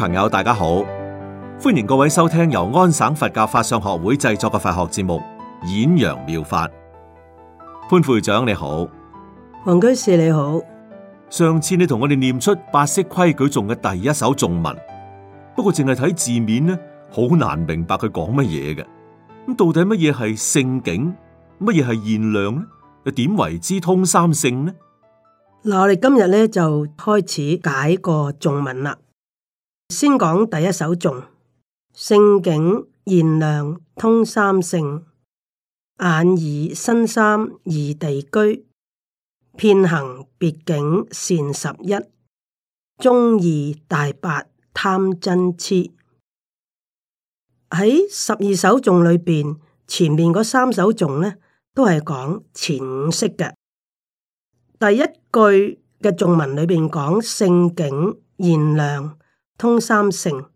朋友，大家好，歡迎各位收聽由安省佛教法相學會製作嘅佛學節目《演揚妙，妙法》。潘副會長你好，黃居士你好。上次你同我哋念出八識規矩頌嘅第一首頌文，不過淨係睇字面咧，好難明白佢講乜嘢嘅。咁到底乜嘢係性境，乜嘢係現量咧？又點為之通三性呢？嗱，我哋今日咧就開始解個頌文啦。先講第一首頌，性境現量通三性，眼耳身三二地居，遍行別境善十一，中二大八貪瞋癡。喺十二首頌裏邊，前面嗰三首頌呢，都係講前五識嘅。第一句嘅頌文裏面講性境現量。通三性，嗰、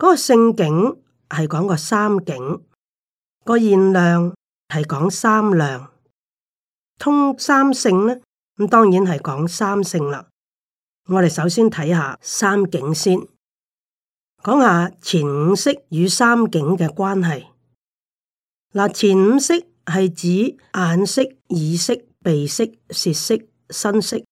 那個性境係講個三境，個現量係講三量，通三性咧，咁當然係講三性啦。我哋首先睇下三境先，講下前五識與三境嘅關係。嗱，前五識係指眼識、耳識、鼻識、舌識、身識。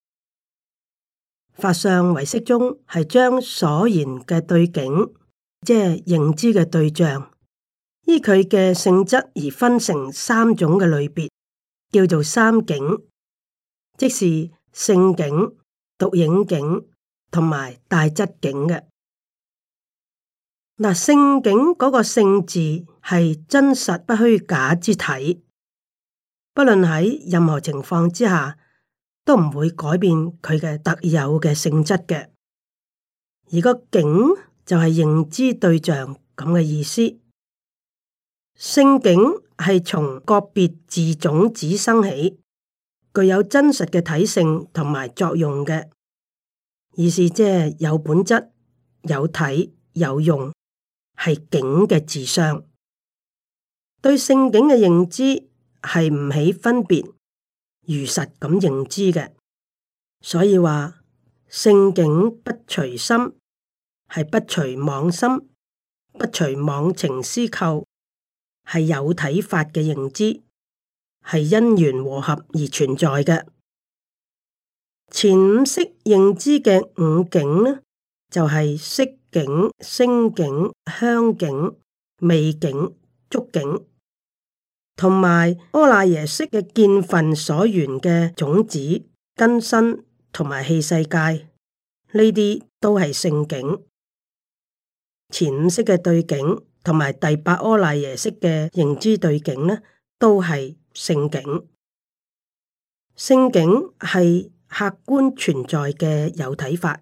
法相唯識宗，係將所言嘅對境，即係認知嘅對象，依佢嘅性質而分成三種嘅類別，叫做三境，即是性境、獨影境同埋帶質境嘅。嗱，性境嗰個性字係真實不虛假之體，不論喺任何情況之下，都唔會改變佢嘅特有嘅性質嘅，而個境就係認知對象咁嘅意思。性境係從個別自種子生起，具有真實嘅體性同埋作用嘅，意思即係有本質、有體、有用，係境嘅自相。對性境嘅認知係唔起分別。如實咁認知嘅，所以話性境不隨心，係不隨妄心，不隨妄情思構，係有睇法嘅認知，係因緣和合而存在嘅。前五識認知嘅五境呢，就係色境、聲境、香境、味境、觸境。同埋阿賴耶識嘅見分所緣嘅種子、根身同埋器世界呢啲都係性境。前五識嘅對境同埋第八阿賴耶識嘅認知對境呢，都係性境。性境係客觀存在嘅有體法，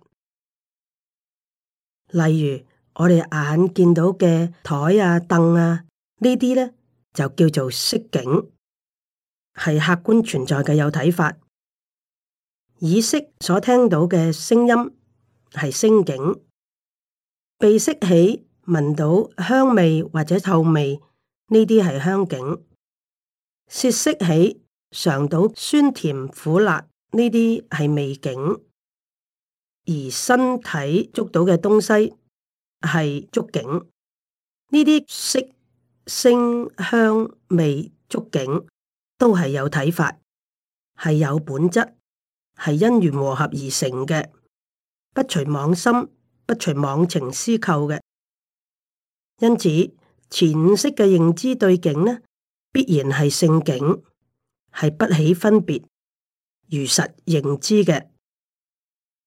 例如我哋眼見到嘅檯啊、凳啊呢啲咧。就叫做色境，係客觀存在嘅有睇法。耳識所聽到嘅聲音係聲境，鼻識起聞到香味或者臭味，呢啲係香境；舌識起嘗到酸甜苦辣，呢啲係味境。而身體捉到嘅東西係觸境。呢啲色。聲香、味、觸境都係有睇法，係有本質，係因緣和合而成嘅，不隨妄心，不隨妄情思構嘅。因此，前五識嘅認知對境呢，必然係性境，係不起分別，如實認知嘅。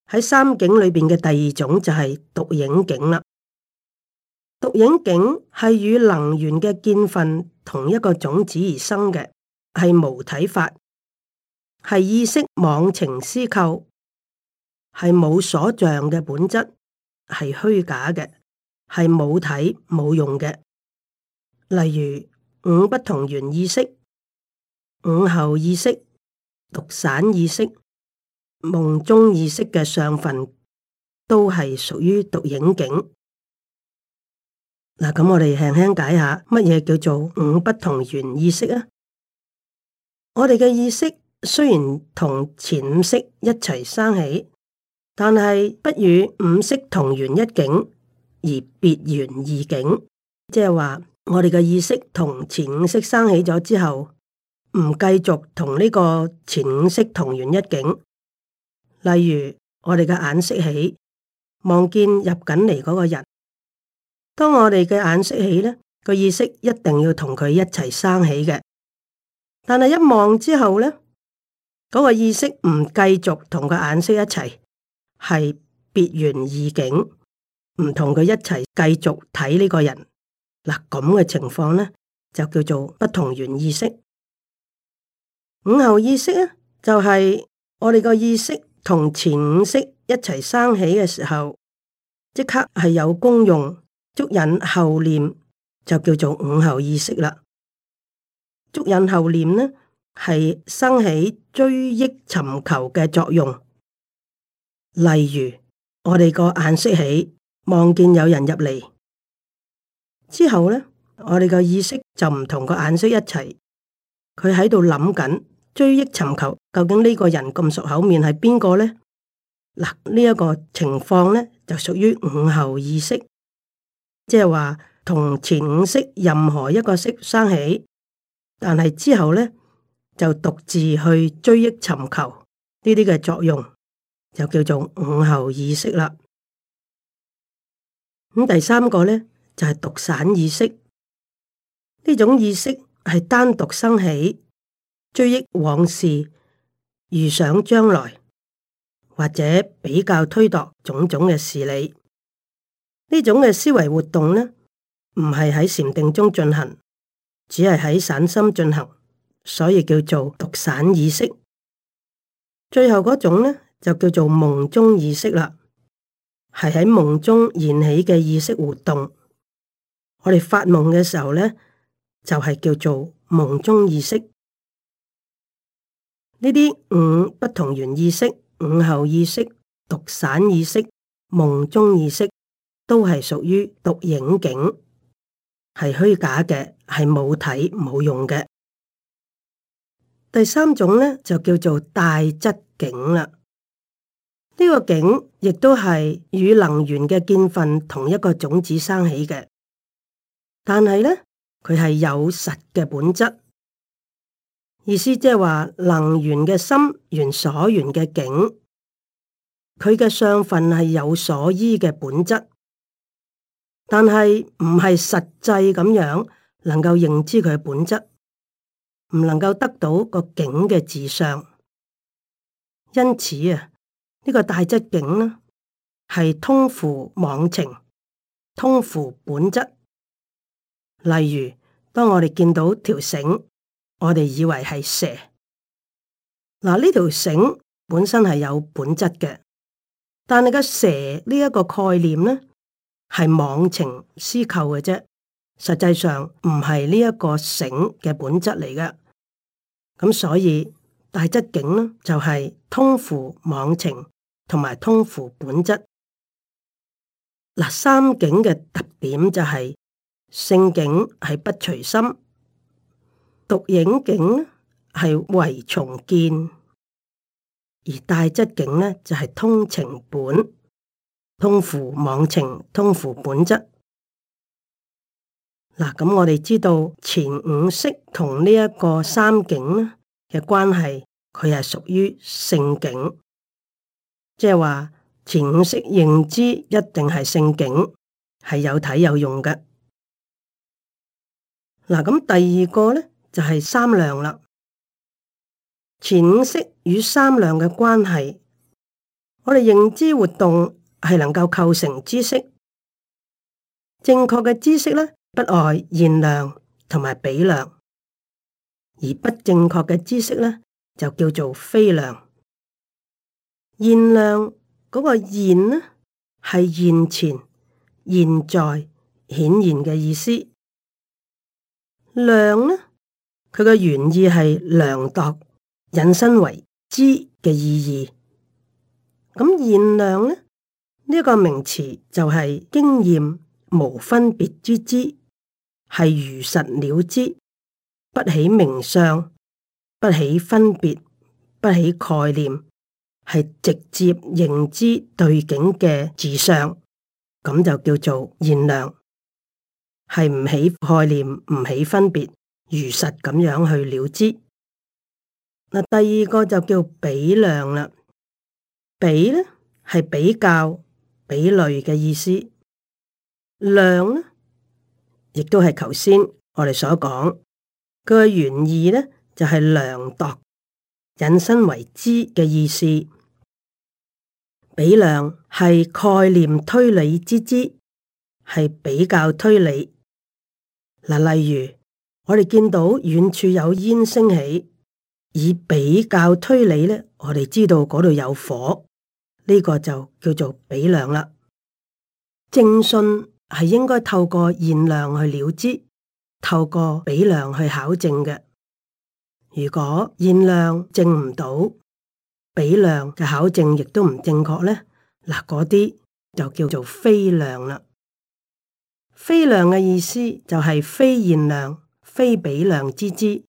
喺三境裏邊嘅第二種就係獨影境啦。獨影境係與能源嘅見分同一個種子而生嘅，係無體法，係意識妄情思構，係冇所象嘅本質，係虛假嘅，係冇體冇用嘅。例如五不同緣意識、五後意識、獨散意識、夢中意識嘅上分，都係屬於獨影境。嗱，咁我哋輕輕解下乜嘢叫做五不同緣意識啊？我哋嘅意識雖然同前五色一齊生起，但係不與五色同緣一境而別緣異境，即係話我哋嘅意識同前五色生起咗之後，唔繼續同呢個前五色同緣一境。例如我哋嘅眼色起，望見入緊嚟嗰個人。當我哋嘅眼識起咧，個意識一定要同佢一齊生起嘅。但係一望之後咧，嗰、那個意識唔繼續同佢眼識一齊，係別緣異境，唔同佢一齊繼續睇呢個人。嗱，咁嘅情況咧，就叫做不同緣意識。五後意識啊，就係、是、我哋個意識同前五識一齊生起嘅時候，即刻係有功用。捉引後念就叫做五後意識啦。捉引後念呢，係生起追憶尋求嘅作用。例如我哋個眼識起望見有人入嚟之後呢，我哋個意識就唔同個眼識一齊，佢喺度諗緊追憶尋求，究竟呢個人咁熟口面係邊個呢？嗱，呢一個情況呢，就屬於五後意識。即係話同前五識任何一個識生起，但係之後咧，就獨自去追憶尋求呢啲嘅作用，就叫做五後意識啦。咁第三個咧，就係、是、獨散意識，呢種意識係單獨生起，追憶往事、預想將來或者比較推度種種嘅事理。呢種嘅思維活動呢，唔係喺禪定中進行，只係喺散心進行，所以叫做獨散意識。最後嗰種呢，就叫做夢中意識啦，係喺夢中燃起嘅意識活動。我哋發夢嘅時候呢，就係叫做夢中意識。呢啲五不同緣意識、五後意識、獨散意識、夢中意識。都係屬於獨影境，係虛假嘅，係冇體冇用嘅。第三種咧就叫做帶質境啦。呢、這個境亦都係與能緣嘅見分同一個種子生起嘅，但係咧佢係有實嘅本質。意思即係話能緣嘅心緣所緣嘅境，佢嘅相分係有所依嘅本質。但係唔係實際咁樣，能夠認知佢嘅本質，唔能夠得到個境嘅自相。因此啊，呢個帶質境呢，係通乎妄情，通乎本質。例如，當我哋見到條繩，我哋以為係蛇。嗱，呢條繩本身係有本質嘅，但係個蛇呢一個概念呢？係妄情思構嘅啫，實際上唔係呢一個醒嘅本質嚟嘅。咁所以帶質境咧就係、是、通乎妄情同埋通乎本質。嗱，三境嘅特點就係性境係不隨心，獨影境係唯從見，而帶質境咧就係、是、通情本。通乎妄情，通乎本質。嗱，咁我哋知道前五識同呢一個三境嘅關係，佢係屬於性境，即係話前五識認知一定係性境，係有體有用嘅。嗱，咁第二個咧就係、是、三量啦。前五識與三量嘅關係，我哋認知活動。係能夠構成知識正確嘅知識咧，不外現量同埋比量，而不正確嘅知識咧，就叫做非量。現量嗰個現呢，係現前、現在、顯現嘅意思。量呢，佢嘅原意係量度，引申為知嘅意義。咁現量呢？呢一個名詞就係經驗無分別之知，係如實了知。不起名相，不起分別，不起概念，係直接認知對境嘅自相，咁就叫做現量，係唔起概念，唔起分別，如實咁樣去了知。嗱，第二個就叫比量啦，比呢係比較。比類嘅意思，量呢，亦都係頭先我哋所講佢嘅原意呢，就係、是、量度引申為知嘅意思。比量係概念推理之知，係比較推理。嗱，例如我哋見到遠處有煙升起，以比較推理呢，我哋知道嗰度有火。呢個就叫做比量啦。正信係應該透過現量去了知，透過比量去考證嘅。如果現量證唔到，比量嘅考證亦都唔正確咧。嗱，嗰啲就叫做非量啦。非量嘅意思就係非現量、非比量之知，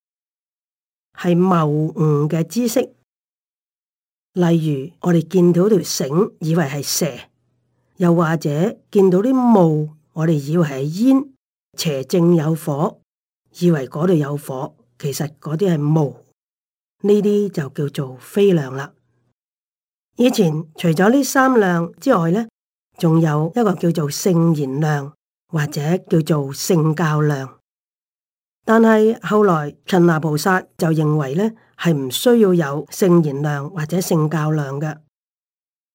係謬誤嘅知識。例如，我哋見到條繩，以為係蛇；又或者見到啲霧，我哋以為係煙。邪正有火，以為嗰度有火，其實嗰啲係霧。呢啲就叫做非量啦。以前除咗呢三量之外呢，仲有一個叫做聖言量，或者叫做聖教量。但係後來陳那菩薩就認為呢。係唔需要有聖言量或者聖教量嘅，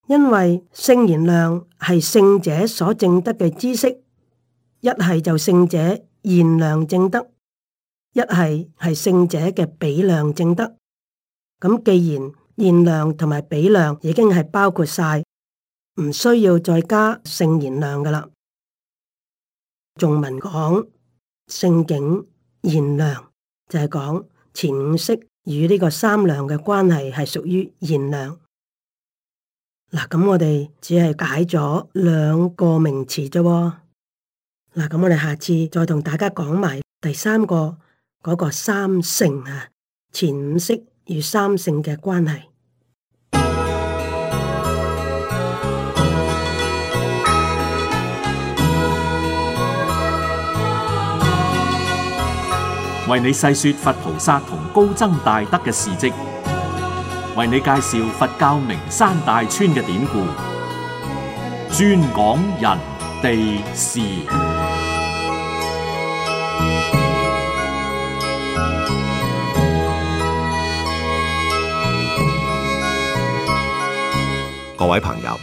因為聖言量係聖者所證得嘅知識，一係就聖者言量證得，一係係聖者嘅比量證得。咁既然言量同埋比量已經係包括晒，唔需要再加聖言量噶啦。頌文講性境現量就係、是、講前五識。與呢個三量嘅關係係屬於現量。嗱，咁我哋只係解咗兩個名詞啫。嗱，咁我哋下次再同大家講埋第三個嗰個三性啊，前五識與三性嘅關係。為你細說佛菩薩同。高僧大德嘅事蹟，為你介紹佛教名山大川嘅典故，專講人地事。各位朋友，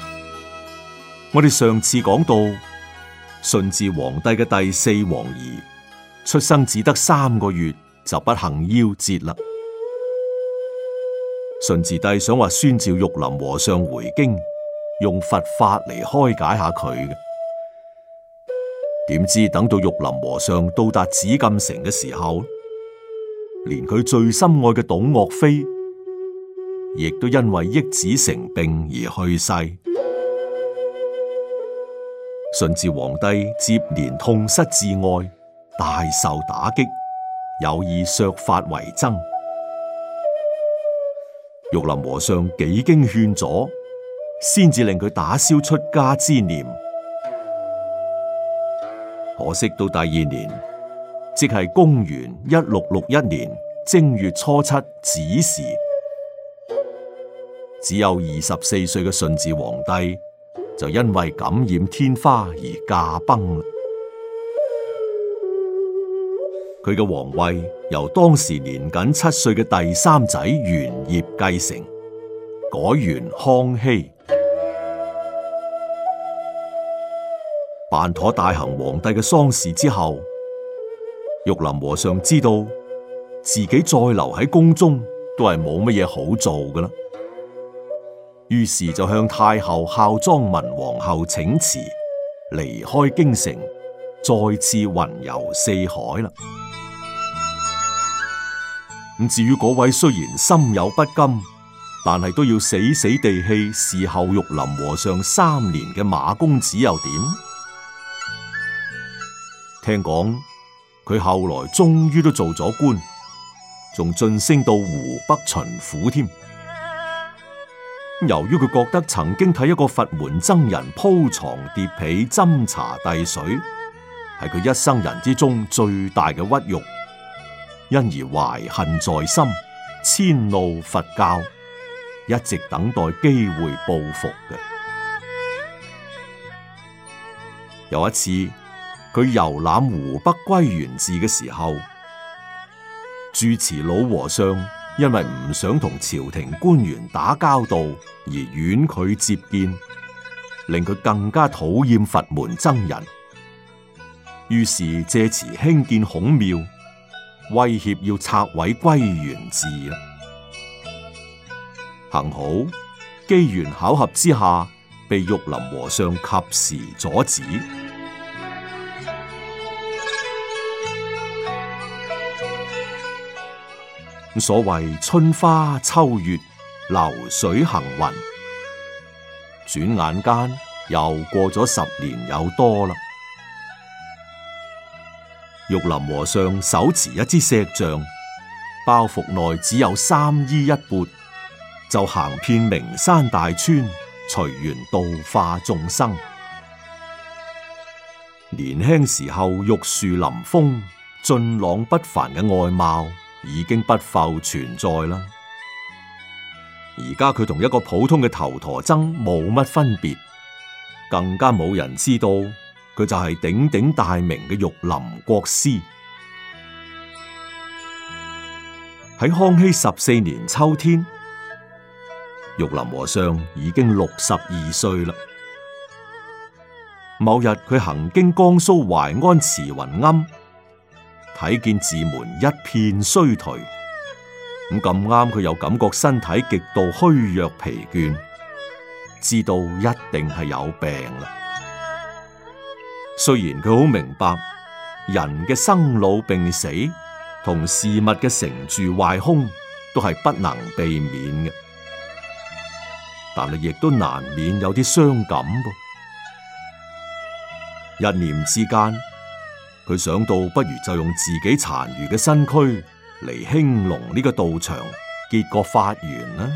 我哋上次講到，順治皇帝嘅第四皇兒出生只得三個月，就不幸夭折啦。順治帝想話宣召玉林和尚回京，用佛法嚟開解下佢嘅。點知等到玉林和尚到達紫禁城嘅時候，連佢最心愛嘅董鄂妃，亦都因為憶子成病而去世。順治皇帝接連痛失至愛，大受打擊，有意削髮為僧，玉林和尚幾經勸阻，先至令佢打消出家之念。可惜到第二年，即係公元一六六一年正月初七子時，只有二十四歲嘅順治皇帝就因為感染天花而駕崩。佢嘅皇位由當時年僅七歲嘅第三仔玄燁繼承，改元康熙。辦妥大行皇帝嘅喪事之後，玉林和尚知道自己再留喺宮中都係冇乜嘢好做㗎喇，於是就向太后孝莊文皇后請辭，離開京城，再次雲遊四海啦。咁至於嗰位雖然心有不甘，但係都要死死地氣侍候玉林和尚三年嘅馬公子又點？聽講佢後來終於都做咗官，仲晉升到湖北巡撫添。由於佢覺得曾經睇一個佛門僧人鋪床疊被斟，茶遞水，係佢一生人之中最大嘅屈辱。因而懷恨在心，遷怒佛教，一直等待機會報復嘅。有一次，佢遊覽湖北歸元寺嘅時候，住持老和尚因為唔想同朝廷官員打交道而婉拒接見，令佢更加討厭佛門僧人。於是借詞興建孔廟。威脅要拆毀歸元寺啦！幸好機緣巧合之下，被玉林和尚及時阻止。咁所謂春花秋月，流水行雲，轉眼間又過咗十年有多啦。玉林和尚手持一支錫杖，包袱內只有三衣一缽，就行遍名山大川，隨緣度化眾生。年輕時候玉樹臨風、俊朗不凡嘅外貌已經不復存在啦。而家佢同一個普通嘅頭陀僧冇乜分別，更加冇人知道。佢就係鼎鼎大名嘅玉林國師。喺康熙十四年秋天，玉林和尚已經六十二歲啦。某日，佢行經江蘇淮安慈雲庵，睇見寺門一片衰頹，咁咁啱佢又感覺身體極度虛弱疲倦，知道一定係有病啦。雖然佢好明白人嘅生老病死同事物嘅成住壞空都係不能避免嘅，但係亦都難免有啲傷感噃、哦。一念之間，佢想到不如就用自己殘餘嘅身軀嚟，興隆呢個道場，結個法緣啦。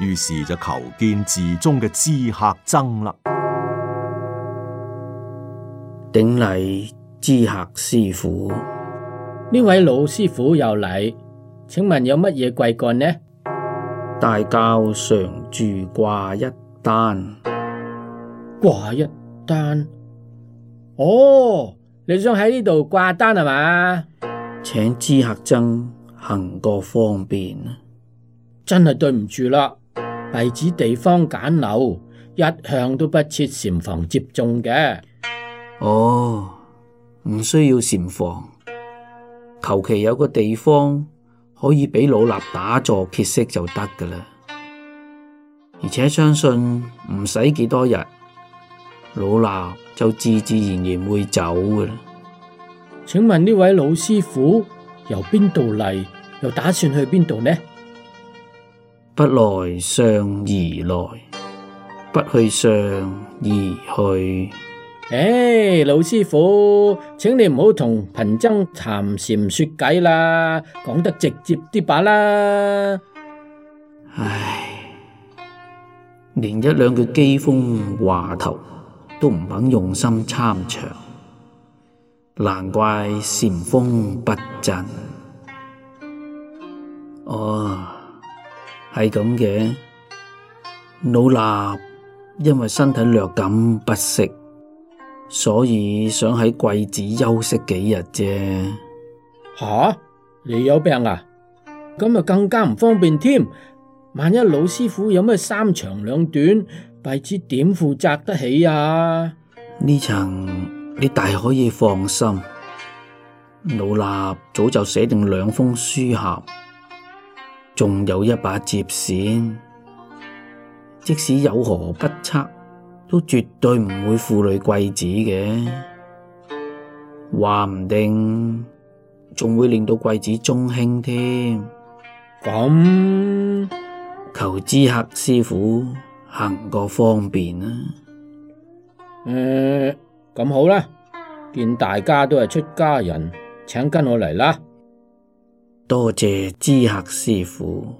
於是就求見寺中嘅知客僧啦。頂禮知客師傅，呢位老師傅又嚟。請問有乜嘢貴幹呢？大教常住掛一單，掛一單。哦，你想喺呢度掛單係嘛？請知客僧行個方便。真係對唔住啦，弟子地方簡陋，一向都不設禪房接眾嘅。哦，唔、oh, 需要禪房，求其有個地方可以俾老衲打坐歇息就得噶啦。而且相信唔使幾多日，老衲就自自然然會走噶啦。請問呢位老師傅由邊度嚟，又打算去邊度呢？不來相而來，不去相而去。唉，老師傅，請你唔好同貧僧談禪說偈啦，講得直接啲把啦。唉，連一兩句譏諷話頭都唔肯用心參詳，難怪禪風不振。哦，係咁嘅，老衲因為身體略感不適。所以想喺貴子休息幾日啫。吓、啊，你有病啊？咁啊更加唔方便添。萬一老師傅有咩三長兩短，弟子點負責得起啊？呢層你大可以放心，老衲早就寫定兩封書函，仲有一把摺扇，即使有何不測，都絕對唔會負累貴寺嘅。話唔定仲會令到貴寺中興添。咁、嗯、求知客師傅行個方便啦、啊。誒、嗯，咁好啦，見大家都係出家人，請跟我嚟啦。多謝知客師傅。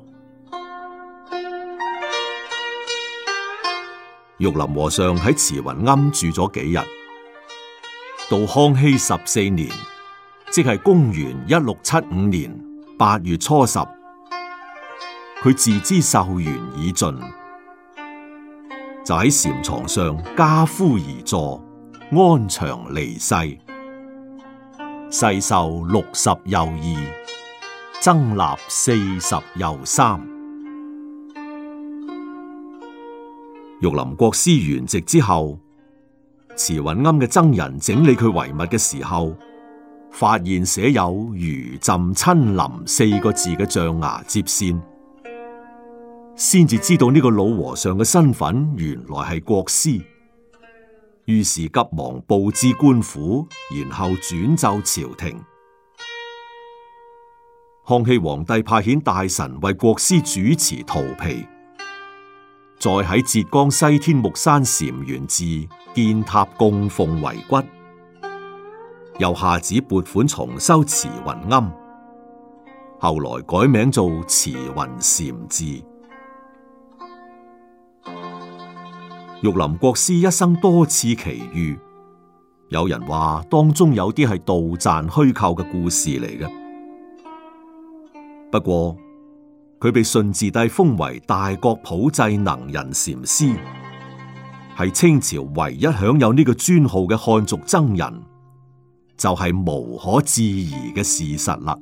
玉林和尚喺慈雲庵住咗幾日，到康熙十四年，即係公元一六七五年八月初十，佢自知壽緣已盡，就喺禪床上跏趺而坐，安詳離世，世壽六十又二，僧臘四十又三。玉林國師圓寂之後，慈雲庵嘅僧人整理佢遺物嘅時候，發現寫有“如朕親臨”四個字嘅象牙摺扇，先至知道呢個老和尚嘅身份原來係國師，於是急忙報知官府，然後轉奏朝廷。康熙皇帝派遣大臣為國師主持荼毗。再喺浙江西天目山禪源寺建塔供奉遺骨，又下旨撥款重修慈雲庵，後來改名做慈雲禪寺。玉林國師一生多次奇遇，有人話當中有啲係杜撰虛構嘅故事嚟嘅，不過。佢被順治帝封為大國普濟能人禪師，係清朝唯一享有呢個尊號嘅漢族僧人，就係、是、無可置疑嘅事實啦。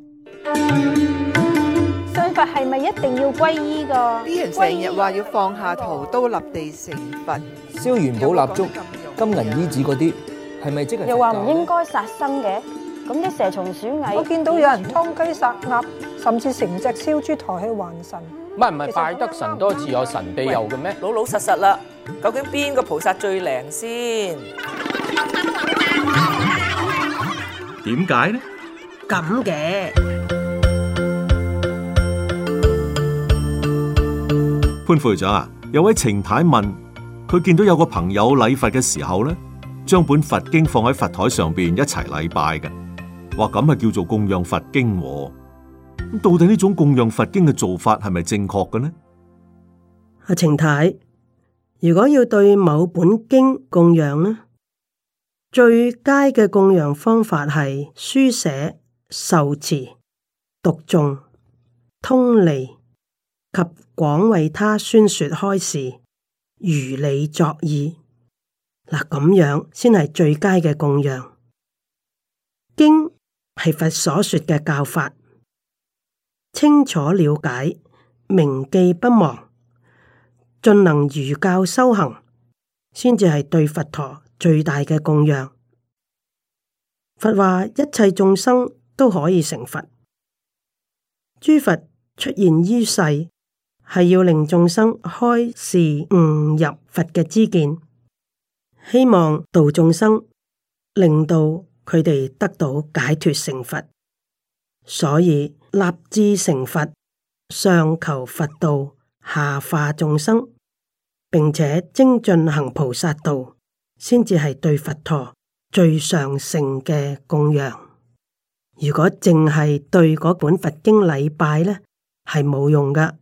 信佛係咪一定要皈依㗎？啲人成日話要放下屠刀立地成佛，燒元寶蠟燭、金銀衣紙嗰啲，係咪、嗯、即係？又話唔應該殺生嘅，咁啲蛇蟲鼠蟻，我見到有人槍雞殺鴨。甚至成隻燒豬抬去還神，唔係唔係拜得神多自有神庇佑嘅咩？老老實實啦，究竟邊個菩薩最靈先？點解呢？咁嘅潘會長啊，有位程太問，佢見到有個朋友禮佛嘅時候咧，將本佛經放喺佛台上邊一齊禮拜嘅，話咁係叫做供養佛經喎。到底呢種供養佛經嘅做法係咪正確嘅呢？阿程太，如果要對某本經供養呢，最佳嘅供養方法係書寫、受持、讀誦、通利及廣為他宣說開示，如理作意。嗱，咁樣先係最佳嘅供養。經係佛所說嘅教法。清楚了解，明記不忘，盡能如教修行，先至係對佛陀最大嘅供養。佛話一切眾生都可以成佛，諸佛出現於世係要令眾生開示悟入佛嘅知見，希望度眾生，令到佢哋得到解脱成佛。所以。立志成佛，上求佛道，下化眾生，並且精進行菩薩道，先至係對佛陀最上乘嘅供養。如果淨係對嗰本佛經禮拜咧，係冇用噶。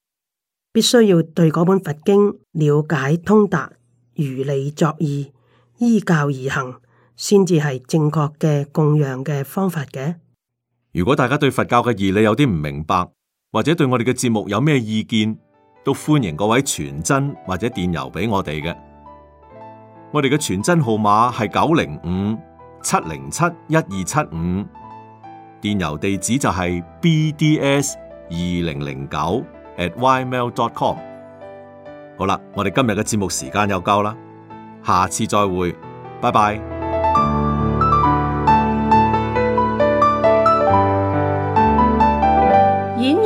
必須要對嗰本佛經了解通達，如理作意，依教而行，先至係正確嘅供養嘅方法嘅。如果大家對佛教嘅義理有啲唔明白，或者對我哋嘅節目有咩意見，都歡迎各位傳真或者電郵俾我哋嘅。我哋嘅傳真號碼係九零五七零七一二七五，75，電郵地址就係 bds 二零零九 atymail.com。好啦，我哋今日嘅節目時間又夠啦，下次再會，拜拜。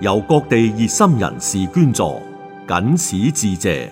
由各地熱心人士捐助，謹此致謝。